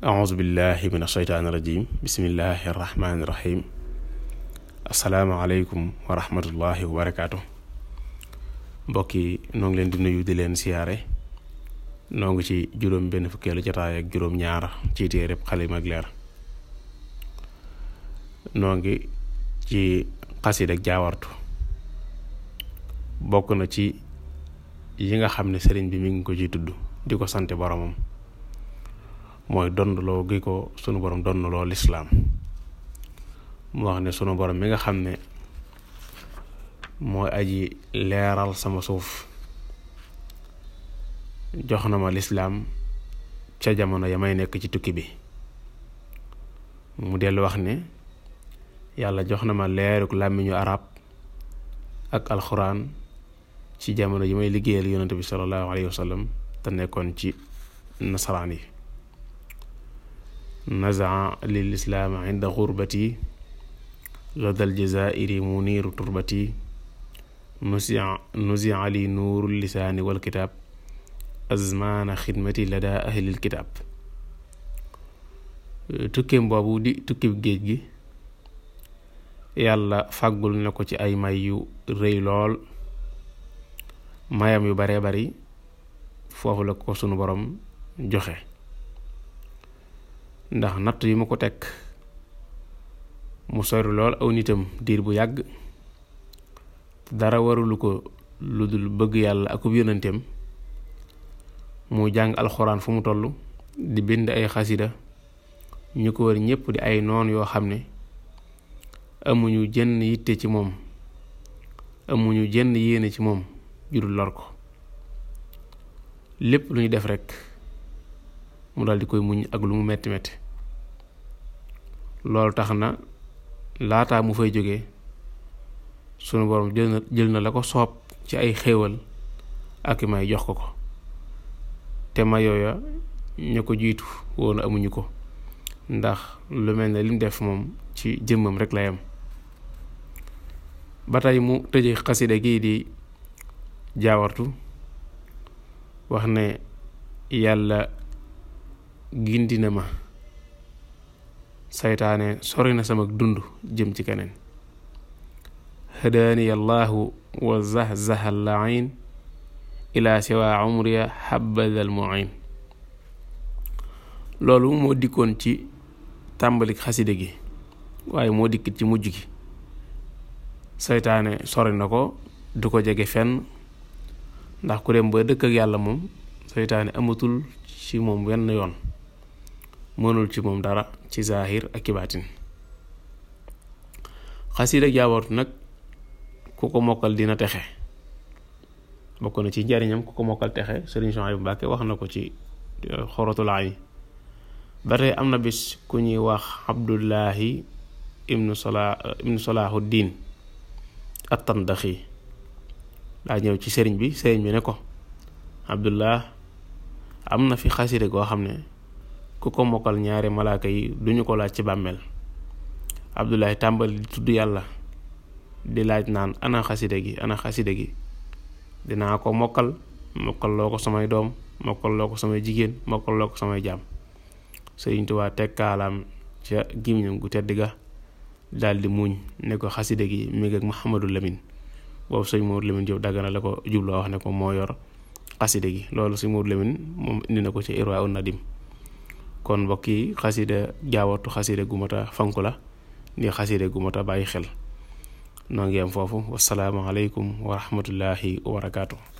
auzu billahi min asheytaan irajim bismillahi irrahmani irahim asalaamaaleykum wa rahmatullahi wa barakaatu mbokk yi noo leen di nuyu di leen siyaare noo ci juróom benn fukkeelu jataay ak juróom ñaar ci téereb Xalimag ak leer noo ci xasiid ak jaawartu bokk na ci yi nga xam ne sëriñ bi mu ngi ko ciy tudd di ko sante boromam mooy donnloo gi ko sunu borom donnloo lislaam mu wax ne sunu borom bi nga xam ne mooy aji leeral sama suuf jox na ma lislaam ca jamono ya may nekk ci tukki bi mu dellu wax ne yàlla jox na ma leeruk làmmiñu arab ak alxuraan ci jamono yi may liggéeyal yonante bi sallallahu alayhi wa sallam te nekkoon ci nasaraan yi nazaa lil islaam inda xurbati ladal jazairi muniiru turbati nusi nusi ali nuuru lisaani kitaab azmaana xidmati ladaa ahlil kitaab tukkeem boobu di géej gi yàlla fàggul na ko ci ay may yu rëy lool mayam yu baree bari foofu la ko sunu borom joxe ndax natt yi mu ko teg mu sori lool aw nitam diir bu yàgg dara warulu ko lu dul bëgg yàlla akub yonenteem mu jàng alxuraan fu mu toll di bind ay xasida ñu ko wër ñépp di ay noon yoo xam ne amuñu jenn yitte ci moom amuñu jenn yéene ci moom judul lor ko lépp lu ñu def rekk mu daal di koy muñ ak lu mu metti metti loolu tax na laataa mu fay jóge sunu borom jël na jël na la ko soob ci ay xéewal ak may jox ko ko te ma yooya ñu ko jiitu woon amuñu ko ndax lu mel ne lim def moom ci jëmmam rek la yam ba tey mu tëje xasida gii di jaawartu wax ne yàlla gindi na ma seytaane sori na sama dund jëm ci keneen hadaani allahu wa zahzaha llain ila siwa umriya habadal muin loolu moo dikkoon ci tàmbalik xaside gi waaye moo dikkit ci mujj gi seytaane sori na ko di ko jege fenn ndax ku dem ba dëkk yàlla moom seytaane amatul ci moom wenn yoon mënul ci moom dara ci zaahir ak ci baatin xasida nag ku ko mokkal dina texe bokk na ci njariñam ku ko mokkal texe Sëriñ Suhaybu Mbàkke wax na ko ci euh, xorotul ayn ba tey am na bis ku ñuy wax Abdullahi ibnu Salah euh, ibnu Salahuddin at daa ñëw ci sëriñ bi sëriñ bi ne ko Abdullah am na fi xasida goo xam ne ku ko mokkal ñaari malaaka yi duñu ko laaj ci bàmmeel Abdullahi tàmbali di tudd yàlla di laaj naan ana xaside gi ana xaside gi dinaa ko mokkal mokkal loo ko samay doom mokkal loo ko samay jigéen mokkal loo ko samay jaam Sëriñ Tuubaa teg kaalaam ca gémmiñam gu tedd ga daldi muuñ ne ko xaside gi mi ngi ak Muhammadu Lamin boobu sëñ Moodu Lamin Jóob Dagana la ko jubloo wax ne ko moo yor xaside gi loolu sëñ Moodu Lamin moom indi na ko ci Irwaa un kon mbokk yi xasida jaawatu xasida gu mata fanku la di xasida gu mata bàyyi xel noo ngi am foofu wasalaamaaleykum wa rahmatullahi wa barakaatu.